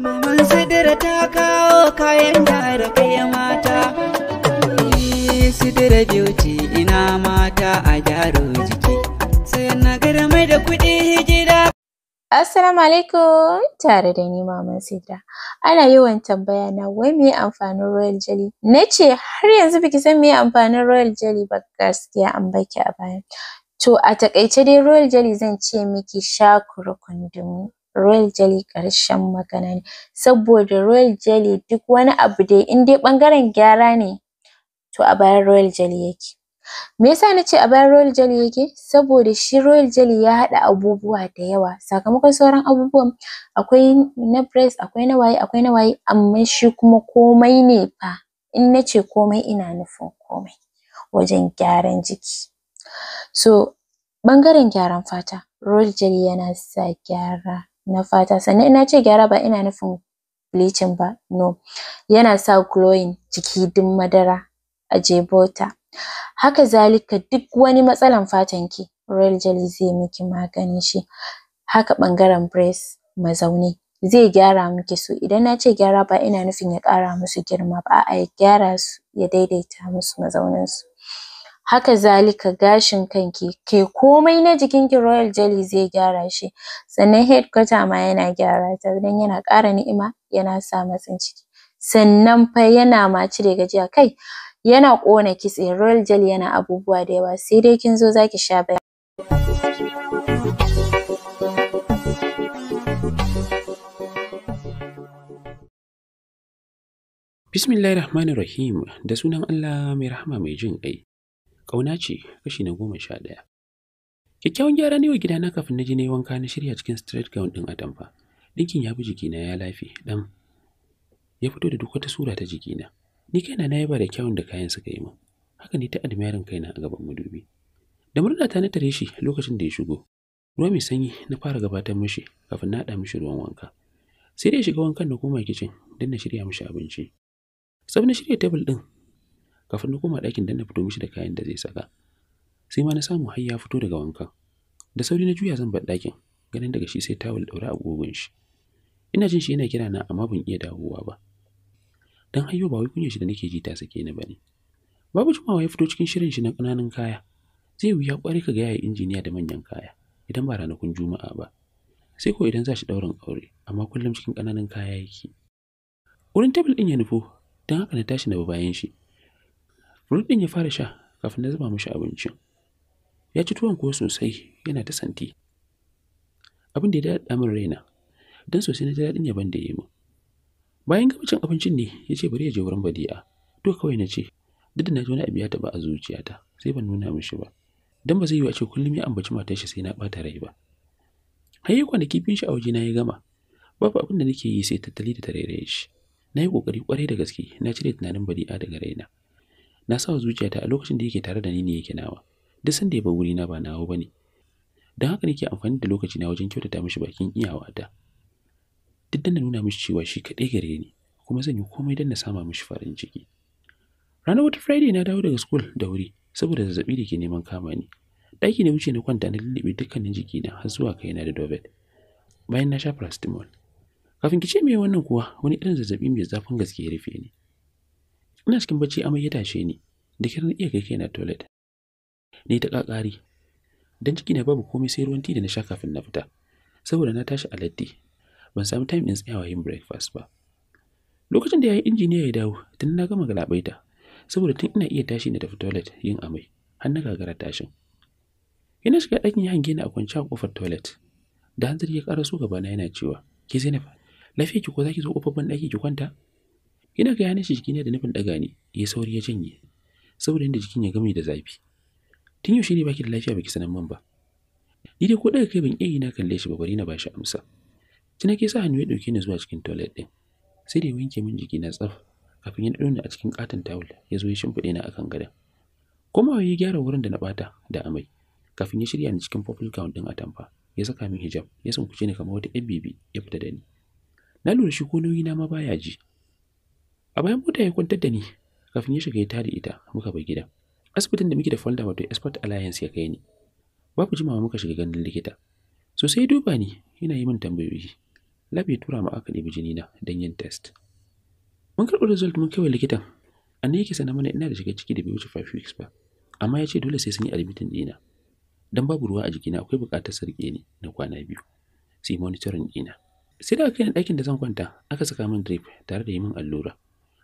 Maman sidira ta kawo kayan da ya mata. Sidira beauty ina mata a gyaro jiki. Sai na gara mai da kuɗi hijira. Assalamu alaikum tare da ni Maman Sidra. Ana yawan tambaya na wai me amfanin royal jelly? Na ce har yanzu baki san me amfanin royal jelly ba gaskiya an baki a baya. To a takaice dai royal jelly zan ce miki sha kuru royal jelly ƙarshen magana ne saboda royal jelly duk wani abu dai in dai ɓangaren gyara ne to a bayan royal jelly yake me yasa nace a bayan royal jelly yake saboda shi royal jelly ya haɗa abubuwa da yawa sakamakon sauran abubuwan akwai na breast akwai na waye akwai na waye amma shi kuma komai ne fa in nace komai ina nufin komai wajen gyaran jiki so ɓangaren gyaran fata royal jelly yana sa gyara na fata sannan in ce gyara ba ina nufin bleaching ba no yana sa glowing jiki duk madara aje jebota. haka zalika duk wani matsalan fatan ki royal jelly zai miki magani shi haka ɓangaren breast mazauni zai gyara miki su idan na ce gyara ba ina nufin ya ƙara musu girma ba a'a ya gyara su ya daidaita musu mazaunin haka zalika gashin kanki kai komai na jikinki royal jelly zai gyara shi sannan head cutter ma yana gyara ta don yana ƙara ni'ima yana sa matsin ciki sannan fa yana ma cire gajiya kai yana ƙona kitse royal jelly yana abubuwa da yawa sai dai kin zo zaki sha bayani Bismillahir Rahmanir Rahim da sunan Allah mai rahama mai jin ƙai. Ƙauna ce kashi na goma sha ɗaya. Kyakkyawan gyara ne wa gidana kafin na ji na wanka na shirya cikin straight gown ɗin atamfa. Dinkin ya bi jikina ya lafi ɗan. Ya fito da duk wata sura ta jikina. Ni kaina na yaba da kyawun da kayan suka yi min. Haka ne ta admirin kaina a gaban madubi. Da murna ta na tare shi lokacin da ya shigo. Ruwa mai sanyi na fara gabatar mishi kafin na haɗa mishi ruwan wanka. Sai dai shiga wankan na koma kicin don na shirya mishi abinci. Sabu na shirya tebul ɗin kafin na koma ɗakin dan na fito mishi da kayan da zai saka sai ma na samu har ya fito daga wankan da sauri na juya zan bar ɗakin ganin daga shi sai tawul ɗaure a shi ina jin shi yana kira na amma ban iya dawowa ba dan hayo ba wai kunya shi da nake ji ta sake ni bane babu jimawa ya fito cikin shirin shi na ƙananan kaya zai wuya ƙwarai ka ga yayi injiniya da manyan kaya idan ba ranakun juma'a ba sai ko idan za shi ɗaurin aure amma kullum cikin ƙananan kaya yake wurin tebul ɗin ya nufo don haka na tashi na bayan shi Fruit din ya fara sha kafin na zuba mashi abincin. Ya ci tuwon kuwa sosai yana ta santi. Abin da ya daɗa min raina, don sosai na ji daɗin yaban da ya yi min. Bayan gama abincin ne ya ce bari ya je wurin Badi'a. To kawai na ce, duk da na ji wani abu ya taɓa a zuciyata, sai ban nuna mishi ba. Don ba zai yi a ce kullum ya ambaci matar shi sai na ɓata rai ba. Har yi kwanaki biyun shi a wajena ya gama. Babu abin da nake yi sai tattali da rairaye shi. Na yi ƙoƙari ƙwarai da gaske na cire tunanin Badi'a daga raina. na sa zuciyata a lokacin da yake tare da ni ne yake nawa duk sanda ya ba wuri na ba nawa bane dan haka nake amfani da lokaci na wajen kyautata mishi bakin iyawa ta. duk da na nuna mishi cewa shi kadai gare ni kuma zan yi komai dan na sama mishi farin ciki ranar wata friday na dawo daga school da wuri saboda zazzabi da ke neman kama ni daki ne wuce na kwanta na lullube dukkanin na har zuwa kai na da dovet bayan na sha paracetamol kafin ki ce me wannan kuwa wani irin zazzabi mai zafin gaske ya rufe ni ina cikin bacci amai ya tashe ni da kiran iya kai na toilet ni ta kakari dan ciki na babu komai sai ruwan ti da na sha kafin na fita saboda na tashi a laddi, ban samu time din tsayawa yin breakfast ba lokacin da yayi injiniya ya dawo tun na gama galabaita saboda tun ina iya tashi na tafi toilet yin amai har na gagara tashin Ina shiga ɗakin hange ni a kwance a kofar toilet da hanzari ya ƙara so gabana yana cewa ki Zainab lafiya ki ko zaki zo kofar ban ɗaki ki kwanta Ina ga shi jiki ne da nufin ɗaga ne, ya sauri ya janye, saboda yadda jikin ya gami da zafi. Tun yaushe ne baki da lafiya baki sanan man ba. Ni dai ko daga kai ban iya yi na kalle shi ba bari na bashi amsa. Tuna ke sa hannu ya dauke ni zuwa cikin toilet ɗin. Sai da ya wanke min jiki na tsaf kafin ya ɗaure ni a cikin katin tawul ya zo ya shimfiɗe ni akan gadon. kuma ya gyara wurin da na bata da amai kafin ya shirya ni cikin purple gown ɗin atamfa. ya saka min hijab ya sunkuce ni kamar wata 'yan bibi ya fita da ni na lura shi ko nauyi na ma baya ji a bayan mota ya kwantar da ni kafin ya shiga ya da ita muka bar gida. asibitin da muke da folder wato expert alliance ya kai ni babu jimawa muka shiga ganin likita so sai duba ni yana yi min tambayoyi lab ya tura mu aka ɗebi jini na don yin test mun karɓi result mun kai wa likitan anna yake sanar mana ina da shiga ciki da bai wuce 5 weeks ba amma ya ce dole sai sun yi admitin ɗina dan babu ruwa a jikina akwai buƙatar sarƙe ni na kwana biyu sai monitoring ɗina sai da aka kai ni ɗakin da zan kwanta aka saka min drip tare da yi min allura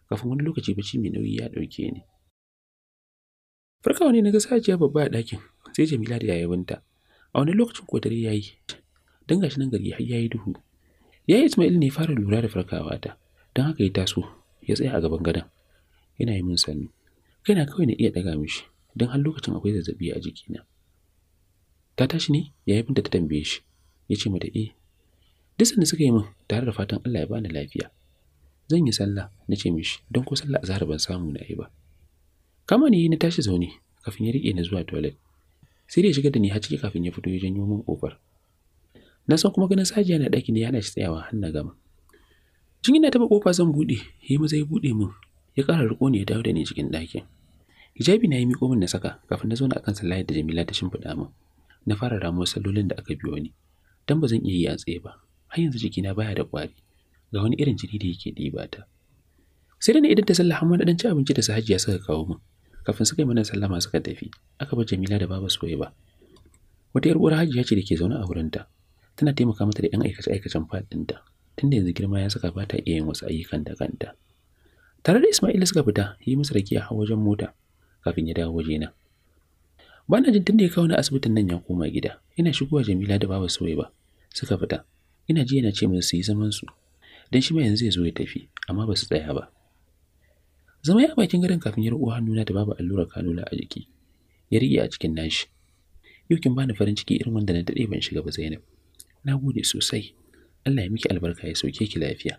kafin wani lokaci bacci mai nauyi ya ɗauke ni. Farkawa ne na ga sajiya babba a ɗakin sai Jamila da yayabinta. A wani lokacin ko dare yayi dan gashi nan gari har yayi duhu. Yayi Ismail ne fara lura da farkawa ta Don haka ya taso ya tsaya a gaban gadon. Yana yi min sannu. Kaina kawai na iya ɗaga mishi Don har lokacin akwai zazzabi a jikina. Ta tashi ne yayabinta ta tambaye shi. Ya ce mata eh. Duk sanda suka yi min tare da fatan Allah ya bani lafiya. zan yi sallah na ce mishi don ko sallah a zahar ban samu na yi ba kama ne na tashi zaune kafin ya riƙe ni zuwa toilet sai da shiga da ni haciki kafin ya fito ya janyo min kofar na san kuma ganin sajiya na ɗaki ne yana shi tsayawa har na gama tun yana taɓa kofa zan buɗe ya yi maza ya buɗe min ya ƙara riƙo ne ya dawo da ni cikin ɗakin hijabi na yi miƙo min na saka kafin na zauna akan sallah da jamila ta shimfiɗa min na fara ramuwar sallolin da aka biyo ni dan ba zan iya yi a tsaye ba har yanzu jikina baya da ƙwari ga wani irin jini da yake ɗiba ta sai da na idan ta sallah amma ci abinci da su hajiya suka kawo min kafin suka yi mana sallama suka tafi aka bar jamila da baba Suwaiba. ba wata yar uwar hajiya ce da ke zaune a ta tana taimaka mata da 'yan aikace-aikacen ta, tunda yanzu girma ya saka bata ta iya yin wasu ayyukan da kanta tare da Ismail suka fita yi musu rake a wajen mota kafin ya dawo wajena. Ba na jin tunda ya kawo na asibitin nan ya koma gida, ina shigowa Jamila da Baba Suwaiba suka fita. Ina ji yana ce musu su yi zaman su don shi ma yanzu zai zo ya tafi amma ba su tsaya ba zama ya bakin gadon kafin ya uwa hannuna da babu allurar kanula a jiki ya rike a cikin nashi yau kin bani farin ciki irin wanda na dade ban shiga ba Zainab na gode sosai Allah ya miki albarka ya sauke ki lafiya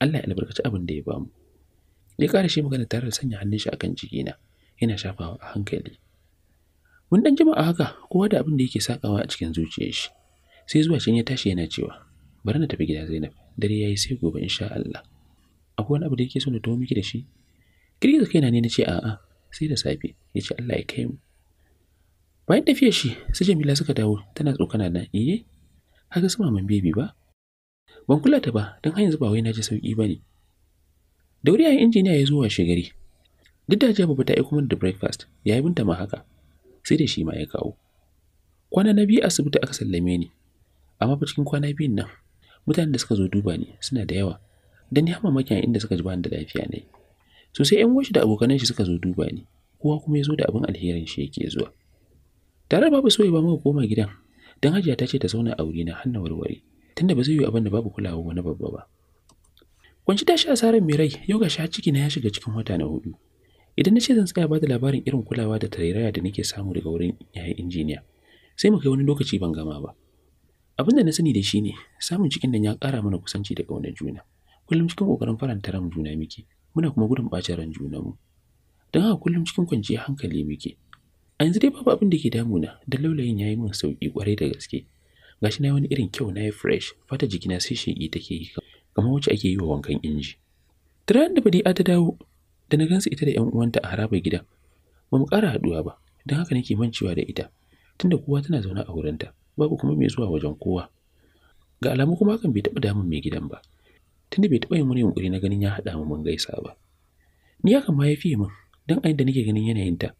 Allah ya albarkaci abin da ya bamu ya ƙara shi magana tare da sanya hannun shi akan jikina yana shafawa a hankali mun dan jima a haka kowa da abin da yake sakawa a cikin zuciyar shi sai zuwa can ya tashi yana cewa bari na tafi gida Zainab dare yayi sai gobe insha Allah akwai wani abu da yake so na tawo miki da shi girgiza kaina ne na ce a'a sai da safe yace Allah ya kai mu bayan tafiya shi su Jamila suka dawo tana tsokana na iye haka su maman baby ba ban kula ta ba don har yanzu ba wai na ji sauki bane da wuri yayin injiniya ya zo wa gari duk da Jabu ba ta aiko min da breakfast ya yi binta ma haka sai da shi ma ya kawo kwana na biyu asibiti aka sallame ni amma fa cikin kwana biyun nan mutanen da suka zo duba ni suna da yawa dan ya mamaki inda suka ji bani da lafiya ne so sai ƴan da abokanan shi suka zo duba ni kowa kuma ya zo da abin alherin shi yake zuwa tare babu soyi ba mu koma gidan dan hajiya ta ce ta zauna a wurina har na warware tunda ba zai yi abin da babu kulawa wani babba ba kwanci ta sha asarar mai rai yau ga sha ciki na ya shiga cikin wata na hudu idan na ce zan tsaya ba da labarin irin kulawa da tarairaya da nake samu daga wurin yayin injiniya sai mu kai wani lokaci ban gama ba abin da na sani da shi ne samun cikin nan ya ƙara mana kusanci da ƙaunar juna kullum cikin ƙoƙarin faranta ran juna muke muna kuma gudun ɓacin ran juna mu. don haka kullum cikin kwanciyar hankali muke a yanzu dai babu abin da ke damuna da laulayin ya yi min sauƙi ƙwarai da gaske gashi na wani irin kyau na yi fresh fata jikina sai sheƙi take yi kamar wacce ake yi wa wankan inji Tiran da a ta dawo da na gansu ita da ‘yan uwanta a harabar gidan, ba mu ƙara haɗuwa ba, don haka nake mancewa da ita, tunda kowa tana zaune a wurinta. babu kuma mai zuwa wajen kowa ga alamu kuma hakan bai taɓa damun mai gidan ba tunda bai taɓa yin wani yunƙuri na ganin ya haɗa mu mun gaisa ba ni hakan ma ya fiye min don ayin da nake ganin yanayinta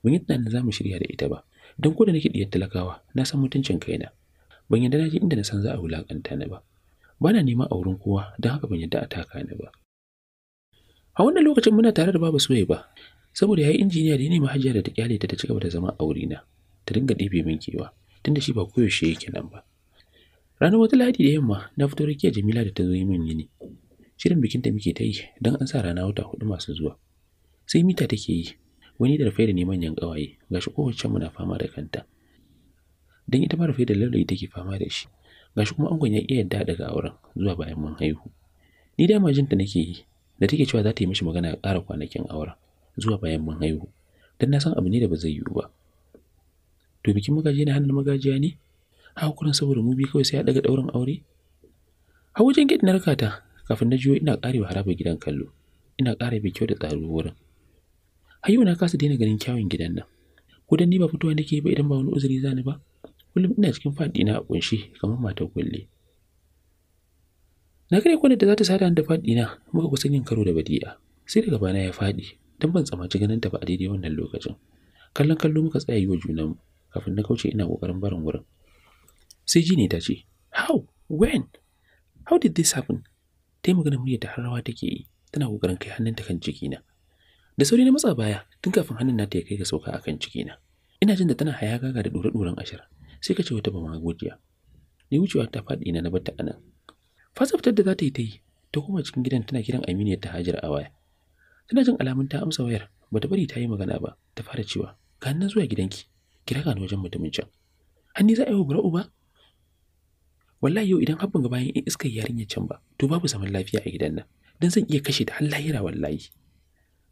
ban yi tunanin za mu shirya da ita ba don ko da nake ɗiyar talakawa na san mutuncin kaina ban yadda na je inda na san za a wulaƙanta ni ba ba na neman auren kowa don haka ban yadda a taka ni ba a wannan lokacin muna tare da babu soyayya ba saboda yayi injiniya da ya nemi hajiya da ta kyale ta ta cigaba da zama a wurina ta dinga ɗebe min kewa tunda shi ba koyaushe yake nan ba ranar wata lahadi da yamma na fito rakiya jamila da ta zo yi min yini shirin bikinta muke ta yi don an sa rana wata hudu masu zuwa sai mita take yi wani da rufai da ne manyan ƙawaye gashi kowace muna fama da kanta don ita ma rufai da ta take fama da shi gashi kuma angon ya iya yadda daga auren zuwa bayan mun haihu ni dama jin ta nake yi da take cewa za ta yi mishi magana ƙara kwanakin auren zuwa bayan mun haihu don na san abu ne da ba zai yiwu ba to bikin magaji na hannun magajiya ne A kurin saboda mu bi kawai sai ya daga daurin aure a wajen gidan na rakata kafin na jiyo ina karewa harabar gidan kallo ina kare bi kyau da tsaro wurin hayo na kasa daina ganin kyawun gidan nan ko dan ni ba fitowa nake ba idan ba wani uzuri zani ba kullum ina cikin fadi na a kunshi kamar matar kulle na kare kwanar da za ta sada da fadi na muka kusan yin karo da badi'a sai daga bana ya faɗi dan ban tsamaci ganin ta ba a daidai wannan lokacin kallon kallo muka tsaya yi wa junanmu kafin na kauce ina kokarin barin wurin. Sai jini ta ce, How? When? How did this happen? Ta yi magana muryar da har rawa take yi, tana kokarin kai hannunta kan cikina. Da sauri na matsa baya tun kafin hannun nata ya kai ga sauka akan cikina. Ina jin da tana hayagaga da dore ɗoren ashir, sai ka ce wata ba ma godiya. Ni wucewa ta faɗi na na bata anan. Fasaftar da za ta yi ta yi, ta koma cikin gidan tana kiran Aminiyar ta hajira a waya. Tana jin alamun ta amsa wayar, bata bari ta yi magana ba, ta fara cewa, "Ka na zuwa gidanki." Kira ga wajen mutumin can hanni za a yi wa bura'u ba wallahi yau idan habban bayan in iskar yarinyar can ba to babu zaman lafiya a gidan nan dan zan iya kashe ta har lahira wallahi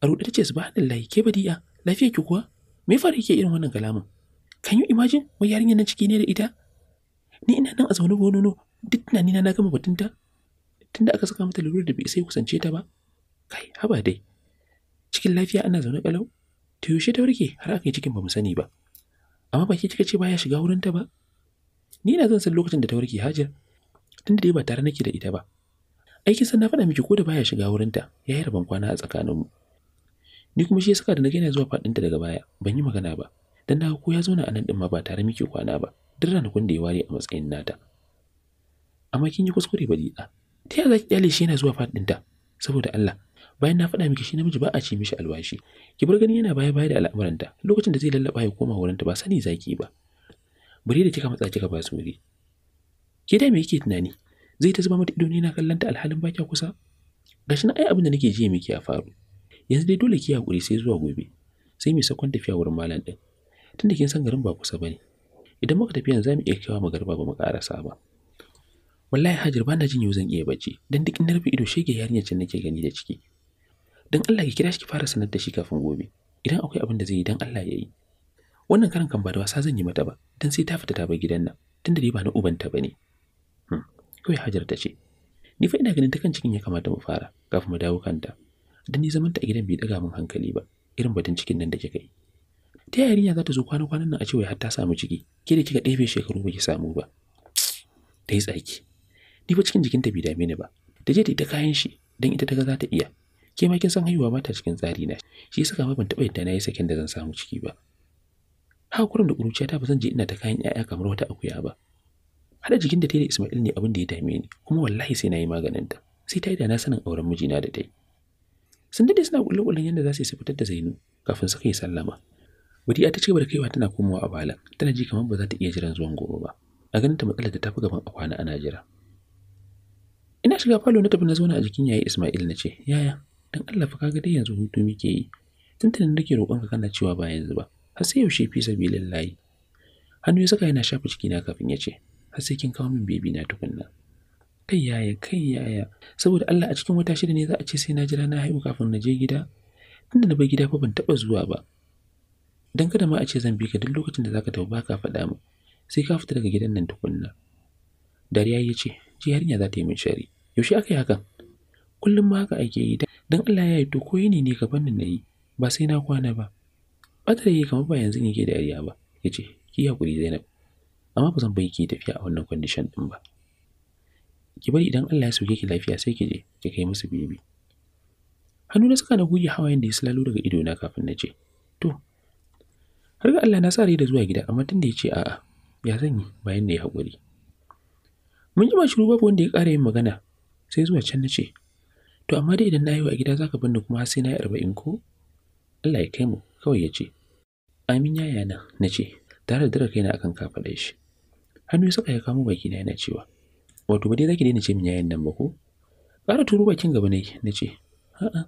a su ba ce subhanallahi ke badiya, lafiya ki kuwa me fara yake irin wannan kalamin kan yi imajin wai yarinyar nan ciki ne da ita ni ina nan a zaune gonono duk tunani na na gama batunta tunda aka saka mata lura da bai sai kusance ta ba kai haba dai cikin lafiya ana zaune kalau to yaushe ta warke har aka yi cikin ba mu sani ba amma ba kika ce baya shiga wurinta ba ni na zan san lokacin da ta warke hajar tunda dai ba tare nake da ita ba aikin san na faɗa miki ko da baya shiga wurinta ya yi rabon kwana a tsakanin mu ni kuma shi ya saka da na gaina zuwa faɗinta daga baya ban yi magana ba dan na ko ya zauna a nan din ma ba tare miki kwana ba duk kun da ya ware a matsayin nata amma kin yi kuskure ba dida ta yaya za ki kyale shi yana zuwa faɗinta saboda Allah bayan na faɗa miki shi namiji ba a ci mishi alwashi ki bar gani yana baya baya da al'amuranta lokacin da zai lallaba ya koma wurinta ba sani zaki ba bari da kika matsa kika ba su wuri ki da me yake tunani zai ta zuba mata ido ne na kallanta alhalin ba kya kusa gashi na ai abin da nake ji miki ya faru yanzu dai dole ki hakuri sai zuwa gobe sai mi sakon tafiya wurin malam din tunda kin san garin ba kusa bane idan muka tafi yanzu zamu iya kaiwa magarba ba mu karasa ba wallahi hajar na jin yau zan iya bacci dan duk in na rufe ido shege yarinyar can nake gani da ciki dan Allah ki kira shi ki fara sanar da shi kafin gobe idan akwai abin da zai yi dan Allah ya yi wannan karan kan ba da wasa zan yi mata ba don sai ta fita ta bar gidan nan tunda dai ba na ubanta ba ne hmm. kawai hajar ta ce ni fa ina ganin ta kan cikin ya kamata mu fara kafin mu dawo kanta dan ni zaman ta a gidan bai daga min hankali ba irin batun cikin nan da kika yi ta yarinya za ta zo kwana kwanan nan a ce wai har ta samu ciki ke da kika ɗebe shekaru baki samu ba ta yi tsaki ni fa cikin jikinta bai dame ni ba ta je ta yi ta kayan shi don ita ta ga za ta iya ke ma kin san haihuwa ba ta cikin tsari na shi saka ma ban taɓa yadda na yi sakin da zan samu ciki ba haka kurum da ƙuruciya ta ba zan je ina ta kayan 'ya'ya kamar wata akuya ba haɗa jikin da ta da Ismail ne abin da ya dame ni kuma wallahi sai na yi maganin ta sai ta yi da na sanin auren mijina da ta yi sun dade suna kullakullan yadda za su yi fitar da Zainu kafin suka yi sallama a ta ce da kaiwa tana komawa a bala tana ji kamar ba za ta iya jiran zuwan gobe ba a ganin ta matsalar da ta fi gaban a kwana ana jira ina shiga falo na tafi na zauna a jikin yayi Ismail na ce yaya dan Allah fa kaga dai yanzu hutu muke yi tuntunan nake roƙonka kana cewa ba yanzu ba har sai yaushe fi sabilillahi hannu ya saka yana shafa na kafin ya ce har sai kin kawo min bebi na tukunna kai yaya kai yaya saboda Allah a cikin wata shida ne za a ce sai na jira na haihu kafin na je gida tunda na bar gida fa ban taba zuwa ba dan kada ma a ce zan bi ka duk lokacin da zaka tafi ba ka faɗa mu sai ka fita daga gidan nan tukunna dariya ya ce ji yarinya za ta yi min shari yaushe aka yi hakan kullum ma haka ake yi don Allah ya yi to ko yini ne gaban nan yi, ba sai na kwana ba Badar yi kamar ba yanzu ne ke dariya ba yace ki hakuri Zainab amma ba zan bai ki tafiya a wannan condition din ba ki bari idan Allah ya soke ki lafiya sai ki je ki kai musu bibi hannu na saka na goge hawa da ya silalo daga ido na kafin na ce to har ga Allah na sa rai da zuwa gida amma tunda ya ce a'a ya zan yi bayan da ya hakuri. mun yi ba shiru babu wanda ya ƙara yin magana sai zuwa can na ce To amma dai idan na yi a gida za ka bin ni kuma sai na yi arba'in ko? Allah ya kai mu kawai ya ce. Amin yaya na na ce tare da dare na akan kafaɗa shi. Hannu ya saka ya kamo bakina yana cewa wato ba dai za ki daina ce min yayan nan ba ko? Ƙara turo bakin gaba ne na ce a'a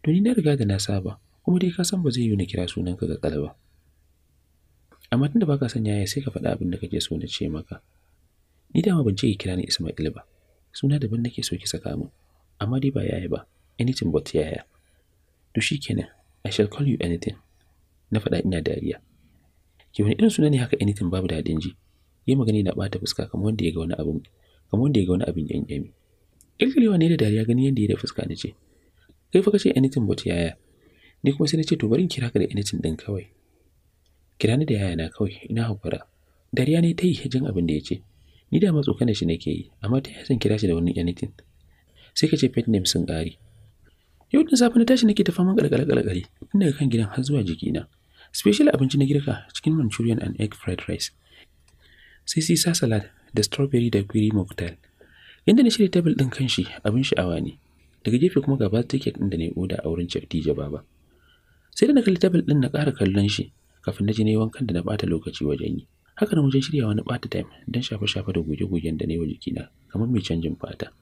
to ni na riga da na saba kuma dai ka san ba zai yiwu na kira sunanka ga kalaba. Amma tunda baka san yaya sai ka faɗa abin da kake so na ce maka. Ni dama ban ce ki kira ni Isma'il ba. Suna daban nake so ki saka min. amma dai ba yaya ba anything but yaya to kenan i shall call you anything na faɗa ina dariya ki wani irin suna ne haka anything babu daɗin ji yi magana na bata fuska kamar wanda ya ga wani abin kamar wanda ya ga wani abin ne da dariya gani yadda ya da fuska na ce kai fa kace anything but yaya ni kuma sai na ce to bari in kira ka da anything din kawai kira ni da yaya na kawai ina hakura dariya ne ta yi hijin abin da ya ce ni da ma tsokana shi nake yi amma ta yi zan kira shi da wani anything sai ka ce pet name sun ƙari yau da safe na tashi nake ta faman ƙare tun daga kan gidan har zuwa jikina special abinci na girka cikin manchurian and egg fried rice sai sa salad da strawberry da query mocktail inda na shirya table din kanshi abin sha'awa ne daga gefe kuma gaba ticket din da na yi oda a wurin Chaptija baba sai da na kalli table din na ƙara kallon shi kafin na ji na yi wankan da na bata lokaci wajen yi haka na wajen shirya wani ɓata time don shafe-shafe da goge-gogen da na yi wa jikina kamar mai canjin fata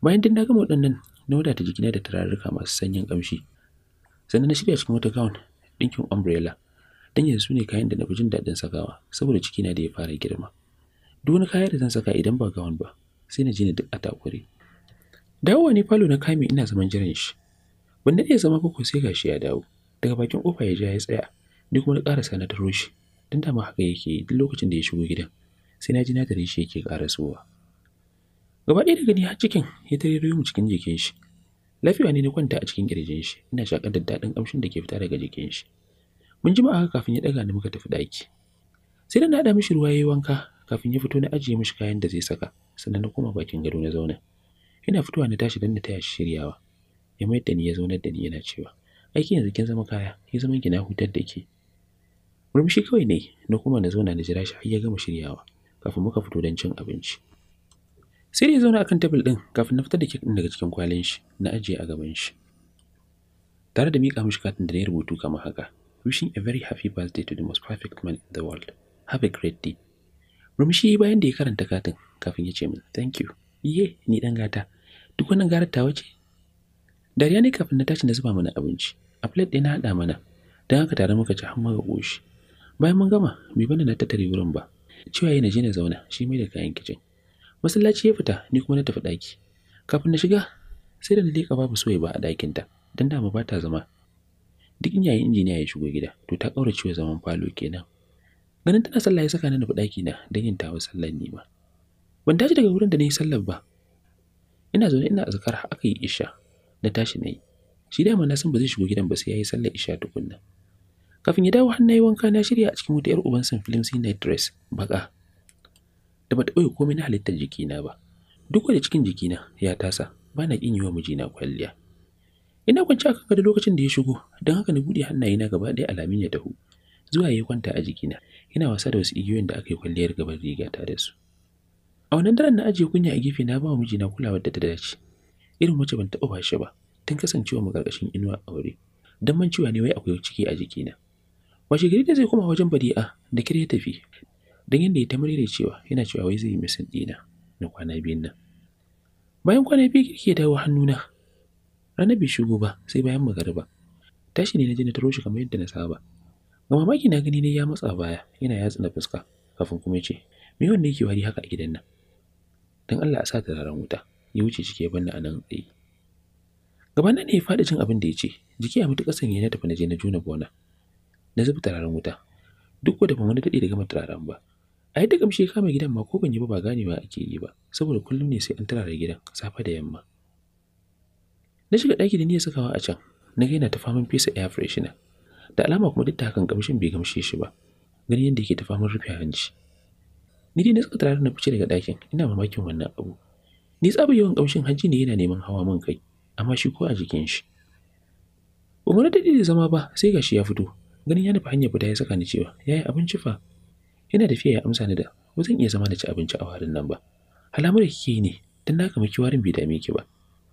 bayan duk na gama waɗannan na wadata jikina da turarruka masu sanyin ƙamshi sannan na shirya cikin wata gown ɗinkin umbrella dan yanzu ne kayan da na fi jin daɗin sakawa saboda cikina da ya fara girma duk wani kaya da zan saka idan ba gown ba sai na ji ni duk a takure dawowa ne falo na kame ina zaman jiran shi ban daɗe zama ba ko sai gashi ya dawo daga bakin kofa ya ja ya tsaya ni kuma na ƙara na taro shi dan dama haka yake duk lokacin da ya shigo gidan sai na ji na tare shi yake suwa. gaba ɗaya daga ni har cikin ya tarero mu cikin jikin shi lafiya ne na kwanta a cikin kirjin shi ina shakar da daɗin kamshin da ke fita daga jikin shi mun jima haka kafin ya ɗaga ni muka tafi ɗaki sai da na haɗa mishi ruwa yayi wanka kafin ya fito na ajiye mishi kayan da zai saka sannan na koma bakin gado na zauna ina fitowa na tashi don na taya shi shiryawa ya mayar da ni ya zaunar da ni yana cewa aiki yanzu kin zama kaya ki zaman ki na hutar da ke murmushi kawai ne na kuma na zauna na jira shi har ya gama shiryawa kafin muka fito don cin abinci sai da ya zauna akan tebul ɗin kafin na fitar da kek ɗin daga cikin kwalin shi na ajiye a gaban shi tare da miƙa mishi katin da ya rubutu kamar haka wishing a very happy birthday to the most perfect man in the world have a great day murmushi bayan da ya karanta katin kafin ya ce min thank you iye ni dan gata duk wannan garar ta wace dariya ne kafin na tashi na zuba mana abinci a plate ɗaya na haɗa mana don haka tare muka ci har muka goshi bayan mun gama bai bana na tattare wurin ba cewa yana je na zauna shi mai da kayan kicin masallaci ya fita ni kuma na tafi ɗaki kafin na shiga sai da na babu soyayya ba a dakin ta dan dama ba ta zama duk in yayin injiniya ya shigo gida to ta ƙaura cewa zaman falo kenan ganin tana sallah ya saka ni nufi daki na don yin tawa sallar ni ma ban tashi daga wurin da na sallar ba ina zaune ina azkar har aka yi isha na tashi na yi shi dama na san ba zai shigo gidan ba sai yayi yi sallar isha tukunna kafin ya dawo har na wanka na shirya a cikin wuta 'yar uban san film sai night dress baka da bata ɓoye komai na halittar jikina ba duk wanda cikin jikina ya tasa ba na ƙin yi wa mijina kwalliya ina kwance a kanka da lokacin da ya shigo don haka na buɗe hannayena gaba ɗaya alamin ya taho zuwa ya kwanta a jikina yana wasa da wasu igiyoyin da aka yi kwalliyar gaban rigata da su a wannan daren na ajiye kunya a gefe na ba wa mijina kulawa da ta dace irin wacce ban taɓa bashi ba tun kasancewa mu ƙarƙashin inuwa aure don man cewa ne wai akwai ciki a jikina washe gari da zai koma wajen bari'a? da kire ya tafi don yadda ya ta cewa yana cewa wai zai yi misin ɗina na kwana biyun nan. Bayan kwana biyu kirki ya dawo hannuna, ranar bai shigo ba sai bayan magariba. Tashi ne na je na taro shi kamar yadda na saba. Ga mamaki na gani ne ya matsa baya yana yatsa na fuska kafin kuma ya ce, Me wanda yake wari haka a gidan nan? Don Allah a sa ta raran wuta, ya wuce cike ban banna a nan tsaye. Gaban nan ne ya faɗi cin abin da ya ce, jiki a matuƙar sanye na tafi na je na juna bona. Na zubi turaren wuta, duk da ban wani daɗe da gama turaren ba, ai duk amshi kama gidan ma ko ban yi ba ba wa ake yi ba saboda kullum ne sai an da gidan safe da yamma na shiga ɗaki da niyyar sakawa a can na ga yana ta faman fesa air freshener da alama kuma duk da hakan kamshin bai gamshe shi ba ganin yadda yake ta faman rufe hanci ni dai na tsaka turare na fice daga ɗakin ina mamakin wannan abu ni tsaba yawan kamshin hanci ne yana neman hawa min kai amma shi ko a jikin shi umar da da zama ba sai gashi ya fito ganin ya nufi hanyar fita ya saka ni cewa yayi abinci fa yana da fiye ya amsa ni da ba zan iya zama na ci abinci a warin nan ba halamar kike yi ne dan naka miki warin bai dame ki ba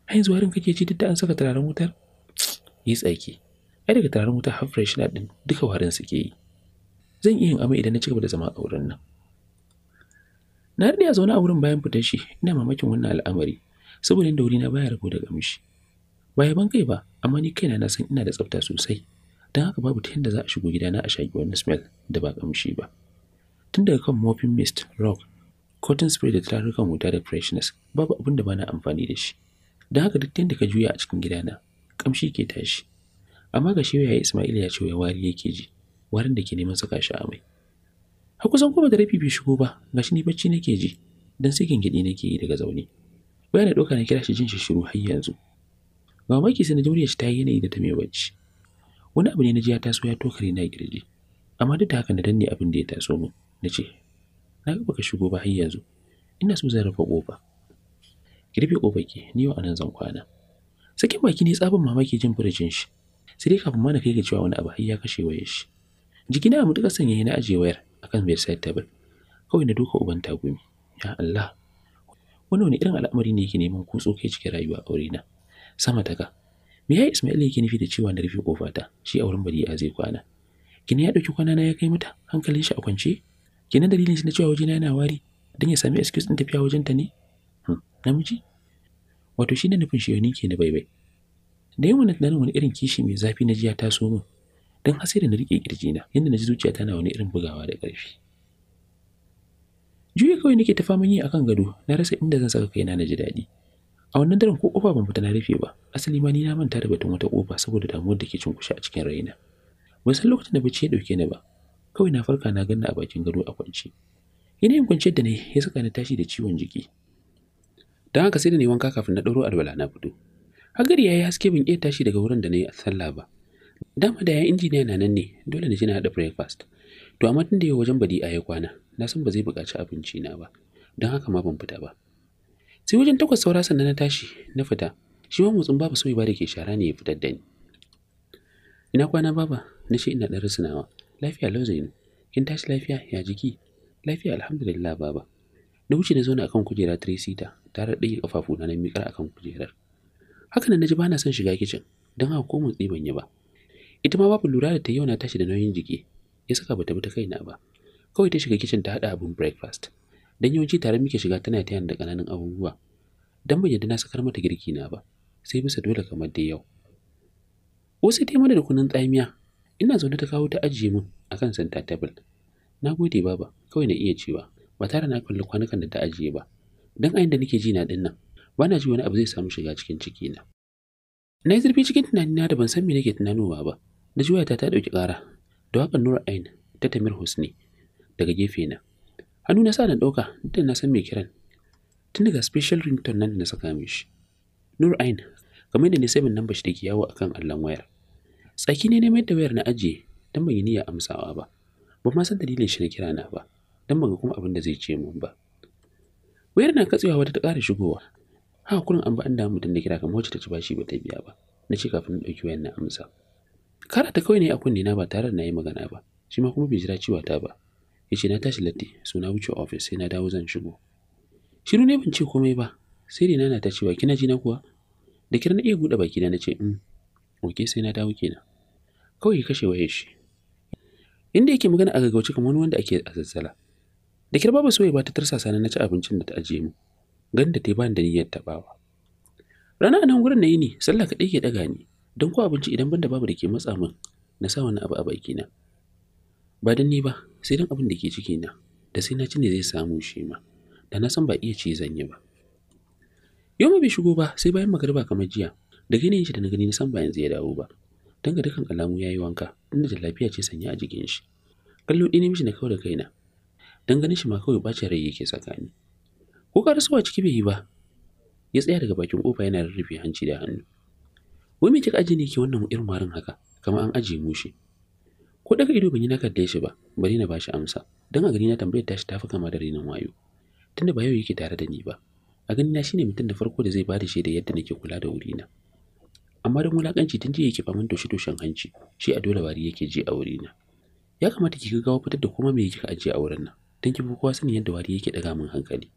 har yanzu warin kake ci duk da an saka turaren wutar yi tsaki ai daga turaren wutar har fresh na din duka warin ke yi zan iya yin amai idan na cigaba da zama a wurin nan na daɗe a zaune a wurin bayan fitar shi ina mamakin wannan al'amari saboda inda na baya rabo da gamshi ba ban kai ba amma ni kaina na san ina da tsafta sosai don haka babu ta yadda za a shigo gidana a shagi wani smell da ba kamshi ba. tun daga kan morphine mist rock cotton spray da turarukan wuta da freshness babu abin da bana amfani da shi don haka duk da ka juya a cikin gidana kamshi ke tashi amma ga shewa yayi Isma'il ya ce ya wari yake ji warin da ke neman saka shi amai har kusan kuma da rafi bai shigo ba gashi ni bacci nake ji dan sai gingidi nake yi daga zaune baya na doka na kira shi jin shi shiru har yanzu mamaki sai na ji muryar shi ta yi yanayi da ta mai bacci wani abu ne na ji ya taso ya tokare na kirji amma duk da haka na danne abin da ya taso mu. na ce na ga baka shigo ba har yanzu ina so zan rufe ƙofa ki rufe ƙofa ki ni yau anan zan kwana sakin baki ne tsabin mamaki jin furucin shi sai dai kafin ma na kai ga cewa wani abu har ya kashe wayar shi jiki na mutuka sanya na aje wayar akan side table kawai na duka uban tagumi ya Allah wani wani irin al'amari ne yake neman kutso kai cikin rayuwa aure na sama daga me ya Ismail yake nufi da cewa na rufe ta shi a wurin a zai kwana kin ya dauki kwana na ya kai mata hankalin shi a kwance kenan dalilin shi na cewa wajena yana wari don ya sami excuse din tafiya wajenta ne hmm, namiji wato shi ne nufin shi ke na bai-bai. da wani tunanin wani irin kishi mai zafi na jiya ta so min don har da na riƙe na yadda na ji zuciya tana wani irin bugawa da ƙarfi juya kawai nake ta faman yi akan gado na rasa inda zan saka kaina na ji daɗi a wannan daren ko ƙofa ban fita na rufe ba asali ma ni na manta da batun wata ƙofa saboda damuwar da ke cunkushe a cikin raina ban san lokacin da bacci ya ɗauke ni ba kawai na farka na ganna a bakin gado a kwance yanayin kwance da ne ya saka ni tashi da ciwon jiki don haka sai da ne wanka kafin na ɗauro alwala na fito hagari ya yi haske bin iya tashi daga wurin da na yi sallah ba dama da ya injiniya na nan ne dole na ji na haɗa breakfast to amma tun da yau wajen badi a ya kwana na san ba zai buƙaci abinci na ba don haka ma ban fita ba sai wajen takwas saura sannan na tashi na fita shi ma motsin babu sauyi ba da ke shara ne ya fitar da ni ina kwana baba na ce ina ɗan rusunawa lafiya lau ne, kin tashi lafiya ya jiki lafiya alhamdulillah baba na wuce na zauna akan kujera three seater tare da ɗaya ƙafafu na miƙar akan kujerar haka nan naji ba na son shiga kicin don haka ko motsi ban yi ba ita ma babu lura da ta yau na tashi da nauyin jiki ya saka bata bi ta kaina ba kawai ta shiga kicin ta haɗa abin breakfast dan yawanci tare muke shiga tana tayan da ƙananan abubuwa dan ban yadda na sakar mata girki na ba sai bisa dole kamar dai yau wasu ta mana da kunun tsamiya Ina zaune ta kawo ta ajiye mun a kan santa table. Na gode baba, kawai na iya cewa ba tare na kalli kwanukan da ta ajiye ba. Dan ayin da nake ji na dinnan, ba na ji wani abu zai samu shiga cikin ciki Na yi zurfi cikin tunanina da ban san me nake tunanowa ba. Na ji wayata ta ɗauki kara da waƙar Nur Ain ta Tamir Husni daga gefe na. Hannu na sa na ɗauka duk da na san me kiran. Tun daga special ringtone nan da na saka mishi. Nur Ain kamar da ne sabin nan shi da ke yawo akan allon wayar. Tsaki ne na mayar da wayar na ajiye don ban yi niyyar amsawa ba. Ba ma san dalilin shi na kira na ba, don ban ga kuma abin da zai ce mun ba. Wayar na katsewa wata ta ƙara shigowa. Haka kurin an ba an damu da kira kamar wacce ta ci bashi ba ta biya ba. Na ce kafin na ɗauki wayar na amsa. Kara ta kawai ne a kunne na ba tare da na yi magana ba. Shi ma kuma bai jira cewa ta ba. Ya ce na tashi latti, suna na wuce ofis sai na dawo zan shigo. Shiru ne ban ce komai ba, sai dai na ta cewa kina ji na kuwa? Da kira na iya buɗe baki na ce, in mm, oke sai na dawo kenan." kawai kashe wayar shi inda yake magana a gaggauce kamar wanda ake a zazzala da kirba ba soyayya ba ta tarsasa na ci abincin da ta ajiye mu da ta bani da niyyar bawa rana nan gurin na yi ne sallah kaɗai ke ɗaga ni don ko abinci idan banda babu da ke matsa min na sa wani abu a bakina ba don ni ba sai don abin da ke ciki na da sai na ci ne zai samu shi ma da na san ba iya ci zan yi ba yau ma bai shigo ba sai bayan magariba kamar jiya da gani shi da na gani na san ba yanzu ya dawo ba don ga dukkan alamu ya yi wanka inda lafiya ce sanya a jikin shi kallo ɗaya ne mishi na kawai da kaina don ganin shi ma kawai bacin rai yake tsakani ko rasuwa ciki bai yi ba ya tsaya daga bakin kofa yana rarrafe hanci da hannu wai me kika aje ne ke wannan irin warin haka kamar an aje mushi ko daga ido ban yi na kalle shi ba bari na bashi amsa Don a gani na tambayar tashi fi kama da rinin wayo tunda ba yau yake tare da ni ba a gani na shine mutum da farko da zai ba da shaida yadda nake kula da wurina amma don wulakanci tun jiya yake faman toshe-toshen hanci shi a dole wari yake je a wurina ya kamata ki gaggawa fitar da kuma me kika ajiye a wurin nan don ki fi kowa sanin yadda wari yake daga min hankali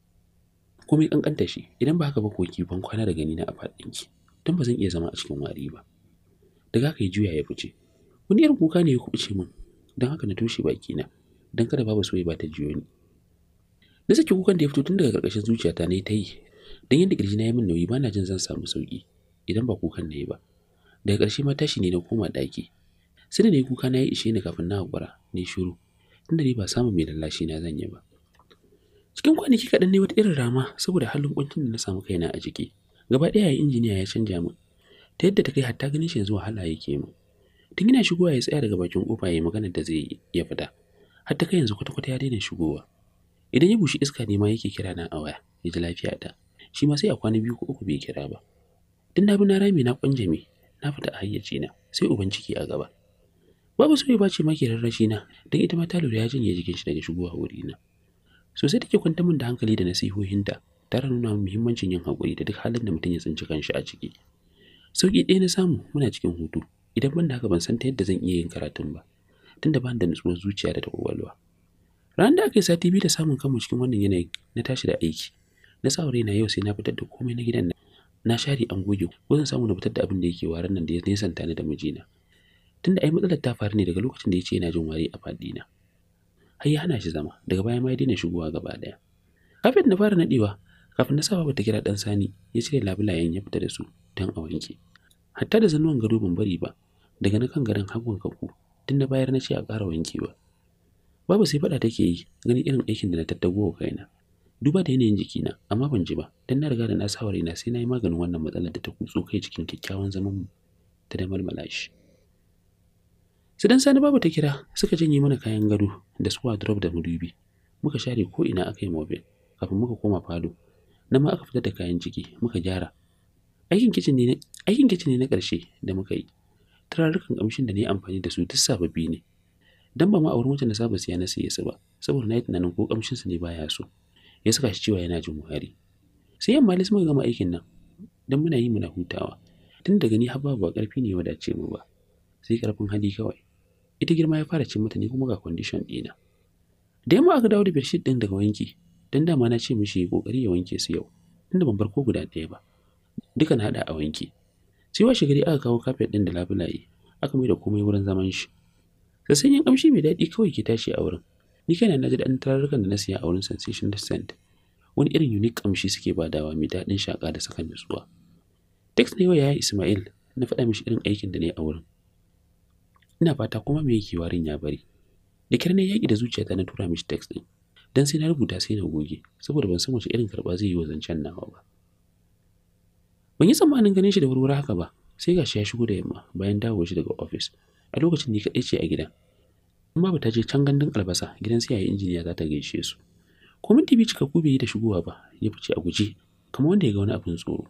komai kankanta shi idan ba haka ba ko ki ban kwana da gani na a faɗin ki don ba zan iya zama a cikin wari ba daga haka ya juya ya fice wani irin kuka ne ya kubuce min don haka na toshe baki na don kada babu soyayya ba ta jiyo ni na saki kukan da ya fito tun daga karkashin zuciyata ne ta yi don yadda kirjina na min nauyi ba na jin zan samu sauki idan ba kukan na yi ba daga ƙarshe ma tashi ne na koma ɗaki sai da na yi kuka na yi ishe ni kafin na haƙura ni shiru tunda ni ba samun mai lallashi na zan yi ba cikin kwanaki kaɗan ne wata irin rama saboda halin kuncin da na samu kaina a ciki gaba ɗaya yayin injiniya ya canja mu. ta yadda ta kai hatta ganin shi yanzu wahala yake mu tun ina shigowa ya tsaya daga bakin kofa ya magana da zai ya fita har ta kai yanzu kwata-kwata ya daina shigowa idan ya bushe iska ne ma yake kira na a waya ya ji lafiya ta shi ma sai a kwana biyu ko uku bai kira ba din na bi na rami na na fita a hayyaci na, sai uban ciki a gaba. Babu so ba ce maki rarrashi na, don ita ma ta lura ya janye jikin shi daga shigowa wuri na. Sosai take kwanta min da hankali da nasihohinta, tare nuna muhimmancin yin hakuri da duk halin da mutum ya tsinci kanshi a ciki. Sauki ɗaya na samu muna cikin hutu, idan ban da haka ban san ta yadda zan iya yin karatun ba, tunda ba da nutsuwar zuciya da ta kwakwalwa. Ranar da aka yi sati biyu da samun kanmu cikin wannan yanayin, na tashi da aiki. Na sa na yau sai na fitar da komai na gidan na share an goge ko zan samu na fitar da abin da yake warar nan da ya nesanta ni da mijina tunda ai matsalar ta faru ne daga lokacin da ya ce yana jin wari a na. har ya hana shi zama daga baya ma daina shigowa gaba ɗaya kafin na fara naɗewa kafin na saba ta kira dan sani ya cire labulayen ya fita da su dan a wanke hatta da zanuwan gado ban bari ba daga na kan garin hagun kaku tun na bayar na ce a ƙara wankewa babu sai faɗa take yi gani irin aikin da na tattago kaina duba da yanayin jikina amma ban ji ba dan na riga da na saba na sai nayi yi maganin wannan matsalar da ta kutso kai cikin kyakkyawan zaman mu ta da malmala shi su dan sani babu ta kira suka janye mana kayan gado da suwa drop da mudubi muka share ko ina aka yi mobil kafin muka koma falo na ma aka fitar da kayan ciki muka gyara aikin kicin ne aikin kitchen ne na ƙarshe da muka yi turarukan kamshin da na amfani da su duk sababbi ne dan ba ma a wurin wacce na saba siya na siye su ba saboda na yi tunanin ko kamshin su ne baya so ya saka shi cewa yana jin wari sai yamma da muka gama aikin nan dan muna yi muna hutawa tun daga ni har babu karfi ne wadace mu ba sai ƙarfin hali kawai ita girma ya fara cin mata ne kuma ga condition ɗina da yamma aka dawo da bedsheet ɗin daga wanki don dama na ce mishi kokari ya wanke su yau tunda ban bar ko guda ɗaya ba duka na hada a wanki sai washe gari aka kawo kafet ɗin da labulaye aka mai da komai wurin zaman shi sassan yan kamshi mai daɗi kawai ke tashi a wurin ni kaina na ji daɗin tararrukan da na siya a wurin sensation descent wani irin unique kamshi suke badawa mai daɗin shaka da sakan nutsuwa text ne wa yaya ismail na faɗa mishi irin aikin da ne a wurin ina fata kuma me yake warin ya bari da kyar ne yaƙi da zuciyata na tura mishi text ɗin dan sai na rubuta sai na goge saboda ban san wace irin karɓa zai yi wa zancen nawa ba ban yi tsammanin ganin shi da wurwura haka ba sai gashi ya shigo da yamma bayan dawo shi daga ofis a lokacin ya kaɗai ce a gidan in babu ta je can gandun albasa gidan sai injiniya za ta gaishe su ko minti biyu cika bai yi da shigowa ba ya fice a guje kamar wanda ya ga wani abin tsoro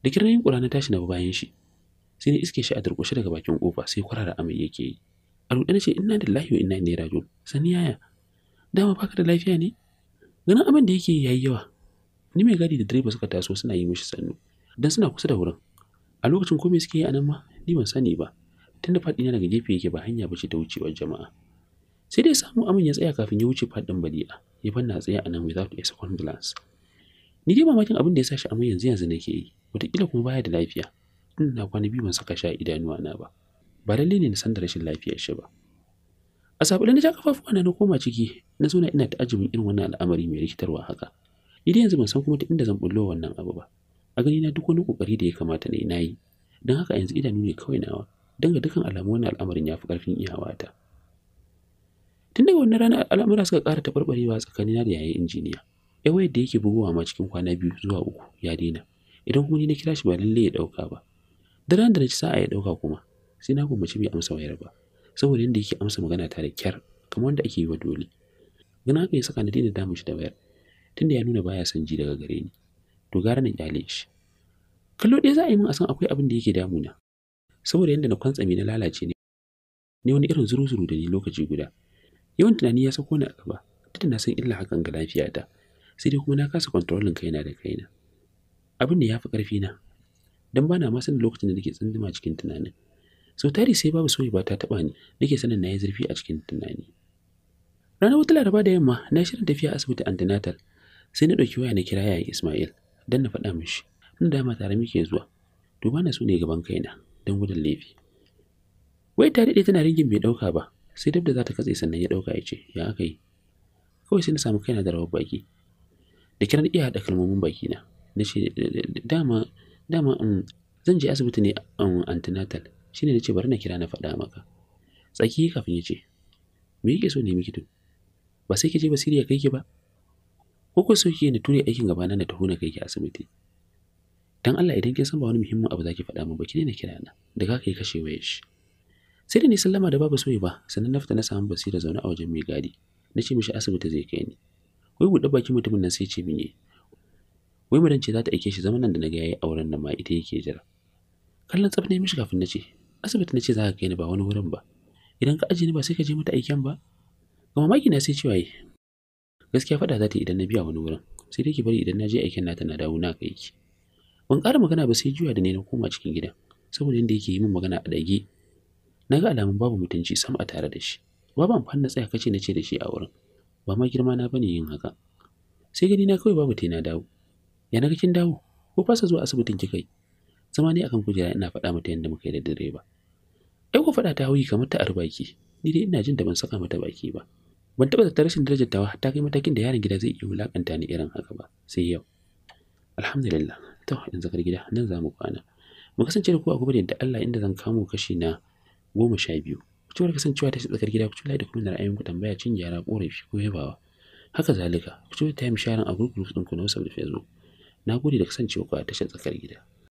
da kirnayin kura na tashi na bayan shi sai na iske shi a durƙushe daga bakin kofa sai kwarara amai yake yi a ruɗe na ce inna da wa ina ne raji'un sani yaya dama baka da lafiya ne ganin abin da yake yayi yawa ni mai gadi da direba suka taso suna yi mishi sannu dan suna kusa da wurin a lokacin me suke yi a nan ma ni ban sani ba tunda faɗi na daga gefe yake ba hanya ce ta wucewar jama'a sai dai samu amin ya tsaya kafin ya wuce faɗin badi'a ya banna tsaya a nan without a second glance ni dai mamakin abin da ya sashi amin yanzu yanzu nake yi wataƙila kuma baya da lafiya ina kwana biyu ban saka sha a idanuwa na ba ba lalle ne na san da rashin lafiyar shi ba a sabuɗe na ja kafafuwa na na koma ciki na zo na ina ta irin wannan al'amari mai rikitarwa haka ni dai yanzu ban san kuma ta inda zan bullo wannan abu ba a gani na duk wani kokari da ya kamata na yi don haka yanzu idanu ne kawai nawa don ga dukkan alamu wannan al'amarin ya fi ƙarfin iyawata tun daga wannan ranar al'amura suka ƙara taɓarɓarewa tsakanina da yayin injiniya ya wayar da yake bugowa ma cikin kwana biyu zuwa uku ya daina idan kuma ni na kira shi ba lallai ya ɗauka ba da ran da na ci sa'a ya ɗauka kuma sai na gumbaci bai amsa wayar ba saboda yadda yake amsa magana ta da kyar kamar wanda ake yi wa dole gana haka ya saka na daina damu shi da wayar tunda ya nuna baya son ji daga gare ni to gara na kyale shi kallo ɗaya za a yi min a san akwai abin da yake damuna saboda yadda na kwantsami na lalace ne ne wani irin zuru-zuru da ni lokaci guda yawan tunani ya sako ni a gaba duk da na san illa hakan ga lafiyata sai dai kuma na kasa kontrolin kaina da kaina abin da ya fi ƙarfi na don bana na ma lokacin da nake tsinduma cikin tunanin sau tari sai babu soyi ba ta taɓa ni nake sanin na yi zurfi a cikin tunani ranar wata laraba da yamma na shirin tafiya asibiti antenatal sai na ɗauki waya na kira yaya ismail don na faɗa mishi tun dama tare muke zuwa to ba na so ne gaban kaina don gudun laifi wai tare daɗe tana ringin bai ɗauka ba sai dabda da za ta katse sannan ya ɗauka ya ce ya aka yi kawai sai na samu kaina da rawar baki da kiran iya haɗa kalmomin baki na na ce dama dama um, zan je asibiti ne um, antinatal shine na ce bari na kira na faɗa maka tsaki kafin ya ce me yake so ne miki ba sai ki je basiri ya kai ki ba ko ko sauki na ture aikin gaba na na taho na kai ki asibiti dan Allah idan kin san ba wani muhimmin abu zaki faɗa min ba ki ne na kira na da kai kashe waye shi sai da ni sallama da babu soyi ba sannan na fita na samu basira zaune a wajen mai gadi na ce mishi asibiti zai kai ni wai buɗe baki mutumin nan sai ce mini wai mu ce za ta aike shi zaman nan da na ga yayi auren nan ma ita yake jira kallon tsafne mishi kafin na ce asibiti na ce za ka kai ni ba wani wurin ba idan ka ajiye ni ba sai ka je mata aiken ba ga mamaki na sai cewa waye gaskiya faɗa za ta idan na biya wani wurin sai dai ki bari idan na je aiken nata na dawo na kai ki ban ƙara magana ba sai juya da ne na koma cikin gidan saboda inda yake yi min magana a dage na ga alamun babu mutunci sam a tare da shi babu amfani na tsaya kace na ce da shi a wurin ba ma girma na bane yin haka sai gani na kawai babu tina dawo ya naga kin dawo ko fasa zuwa asibitin kika yi zama ne akan kujera ina faɗa mata yanda muka yi da direba ai ko faɗa ta hauyi kamar ta arbaki ni dai ina jin da ban saka mata baki ba ban taɓa da rashin darajar tawa ta kai matakin da yaron gida zai iya wulakanta ni irin haka ba sai yau alhamdulillah to in zakar gida nan za mu kwana mu kasance da ku a gobe da Allah inda zan kamo kashi na goma sha biyu ku kasancewa ta tsakar gida ku da kuma ra'ayin ku tambaya cin gyara korafi ko yabawa haka zalika ku ci ta yi misharan a gurgurus ku na wasu da facebook na gode da kasancewa ku a tashar tsakar gida